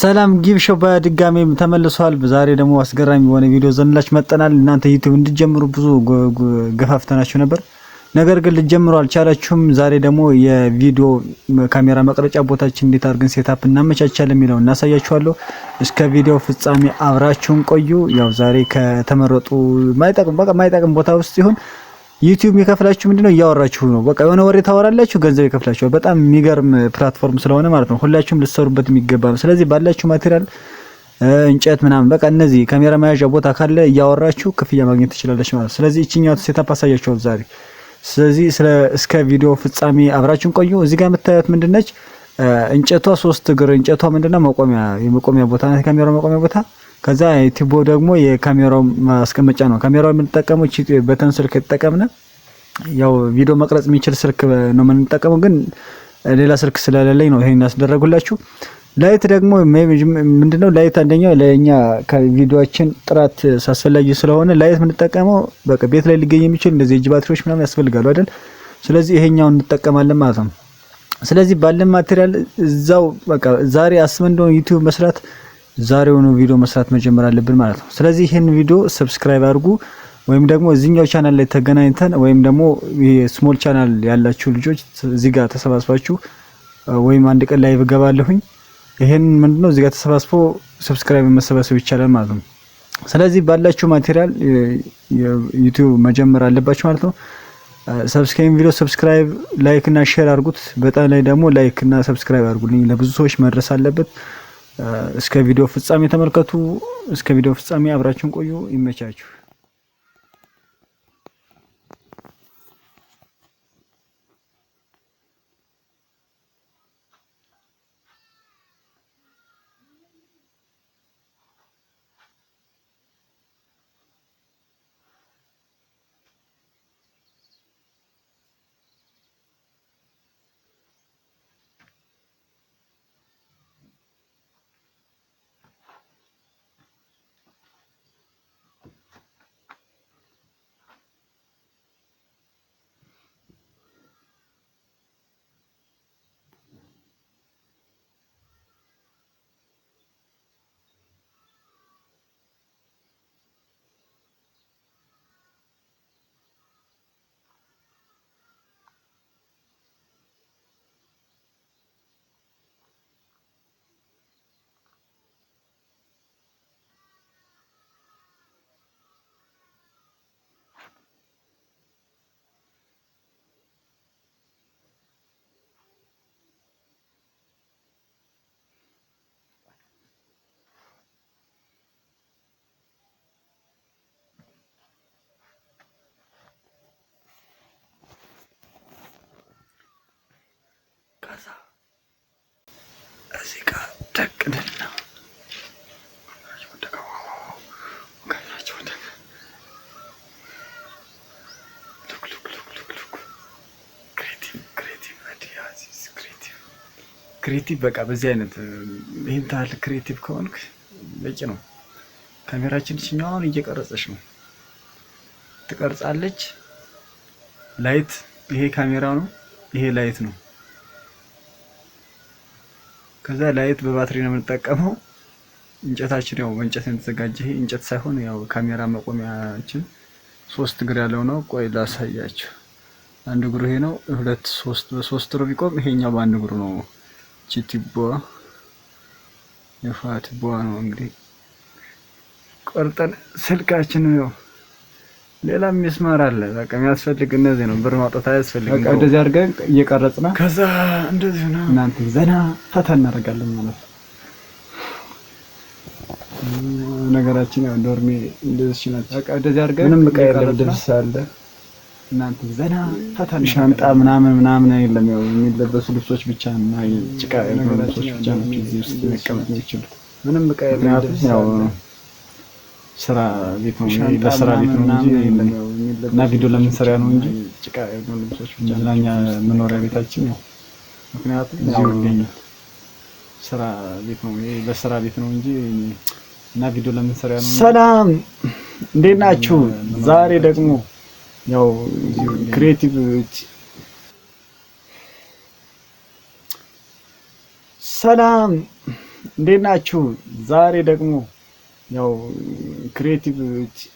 ሰላም ጊብሾ በድጋሚ በድጋሜ ተመልሷል። ዛሬ ደግሞ አስገራሚ የሆነ ቪዲዮ ዘንላችሁ መጠናል። እናንተ ዩቲዩብ እንድጀምሩ ብዙ ገፋፍተናችሁ ነበር፣ ነገር ግን ልጀምሩ አልቻላችሁም። ዛሬ ደግሞ የቪዲዮ ካሜራ መቅረጫ ቦታችን እንዴት አድርገን ሴታፕ እናመቻቻለን የሚለው እናሳያችኋለሁ። እስከ ቪዲዮ ፍጻሜ አብራችሁን ቆዩ። ያው ዛሬ ከተመረጡ ማይጠቅም በቃ ማይጠቅም ቦታ ውስጥ ይሁን ዩቲዩብ የሚከፍላችሁ ምንድነው? እያወራችሁ ነው። በቃ የሆነ ወሬ ታወራላችሁ፣ ገንዘብ ይከፍላችኋል። በጣም የሚገርም ፕላትፎርም ስለሆነ ማለት ነው ሁላችሁም ልትሰሩበት የሚገባ ነው። ስለዚህ ባላችሁ ማቴሪያል እንጨት ምናምን በቃ እነዚህ ካሜራ መያዣ ቦታ ካለ እያወራችሁ ክፍያ ማግኘት ትችላለች ማለት ነው። ስለዚህ እቺኛው ሴታፕ አሳያችኋል ዛሬ። ስለዚህ እስከ ቪዲዮ ፍጻሜ አብራችሁን ቆዩ። እዚህ ጋር የምታዩት ምንድነች? እንጨቷ ሶስት እግር እንጨቷ ምንድነው? መቆሚያ የመቆሚያ ቦታ ናት፣ መቆሚያ ቦታ ከዛ ቲቦ ደግሞ የካሜራው ማስቀመጫ ነው። ካሜራው የምንጠቀመው በተን ስልክ ተጠቀምነ ያው ቪዲዮ መቅረጽ የሚችል ስልክ ነው የምንጠቀመው፣ ግን ሌላ ስልክ ስለሌለኝ ነው ይሄን ያስደረጉላችሁ። ላይት ደግሞ ምንድነው ላይት አንደኛው ለእኛ ከቪዲዮችን ጥራት አስፈላጊ ስለሆነ ላይት የምንጠቀመው በቃ ቤት ላይ ሊገኝ የሚችል እንደዚህ እጅ ባትሪዎች ምናምን ያስፈልጋሉ አይደል? ስለዚህ ይሄኛውን እንጠቀማለን ማለት ነው። ስለዚህ ባለን ማቴሪያል እዛው በቃ ዛሬ አስበን እንደሆነ ዩቲዩብ መስራት ዛሬውኑ ቪዲዮ መስራት መጀመር አለብን ማለት ነው። ስለዚህ ይህን ቪዲዮ ሰብስክራይብ አድርጉ ወይም ደግሞ እዚህኛው ቻናል ላይ ተገናኝተን ወይም ደግሞ ስሞል ቻናል ያላችሁ ልጆች እዚህ ጋር ተሰባስባችሁ ወይም አንድ ቀን ላይ ብገባለሁኝ ይሄን ምንድነው እዚህ ጋር ተሰባስቦ ሰብስክራይብ መሰባሰብ ይቻላል ማለት ነው። ስለዚህ ባላችሁ ማቴሪያል ዩቲዩብ መጀመር አለባችሁ ማለት ነው። ሰብስክራይብ ቪዲዮ ሰብስክራይብ፣ ላይክ እና ሼር አድርጉት። በጣም ላይ ደግሞ ላይክ እና ሰብስክራይብ አድርጉልኝ። ለብዙ ሰዎች መድረስ አለበት። እስከ ቪዲዮ ፍጻሜ ተመልከቱ። እስከ ቪዲዮ ፍጻሜ አብራችሁን ቆዩ። ይመቻችሁ። ከዛ እዚህ ጋር ደቅድና ክሬቲቭ በቃ በዚህ አይነት ይህን ታህል ክሬቲቭ ከሆንክ በቂ ነው። ካሜራችን ይችኛዋን እየቀረጸች ነው ትቀርጻለች። ላይት ይሄ ካሜራ ነው፣ ይሄ ላይት ነው። ከዛ ላይት በባትሪ ነው የምንጠቀመው። እንጨታችን ያው በእንጨት ነው የተዘጋጀ። ይሄ እንጨት ሳይሆን ያው ካሜራ መቆሚያችን ሶስት እግር ያለው ነው። ቆይ ላሳያችሁ። አንድ እግሩ ይሄ ነው። ሁለት ሶስት በሶስት እግሩ ቢቆም ይሄኛው በአንድ እግሩ ነው። ቺቲቦ የፋት ቦ ነው እንግዲህ ቆርጠን ስልካችን ነው ሌላ ሚስማር አለ። በቃ የሚያስፈልግ እነዚህ ነው። ብር ማውጣት አያስፈልግም። በቃ እንደዚህ አድርገን እየቀረጽን ከዛ እንደዚህ ነው እናንተ ዘና ፈታ እናደርጋለን ማለት ነው። ነገራችን ያው ዶርሜ እንደዚህ ነው። በቃ እንደዚህ አድርገን ምንም ዕቃ የለም። ልብስ አለ እናንተ ዘና ፈታ ሻንጣ ምናምን ምናምን የለም። ያው የሚለበሱ ልብሶች ብቻ እና ጭቃ ልብሶች ብቻ ነው እዚህ ውስጥ መቀመጥ የሚችሉት ምንም ዕቃ የለም። ያው ስራ ቤት ነው ለስራ ቤት ነው እንጂ እና ቪዲዮ ለምንሰሪያ ነው እንጂ ጭቃ ያለው ልብሶች መዝናኛ መኖሪያ ቤታችን ነው። ምክንያቱም እዚሁ ይገኛል። ስራ ቤት ነው ለስራ ቤት ነው እንጂ እና ቪዲዮ ለምንሰሪያ ነው። ሰላም እንዴት ናችሁ? ዛሬ ደግሞ ያው ክሬቲቭ ሰላም እንዴት ናችሁ? ዛሬ ደግሞ ያው креативность